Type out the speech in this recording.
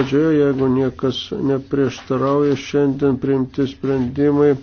pradžioje, jeigu niekas neprieštarauja, šiandien priimti sprendimai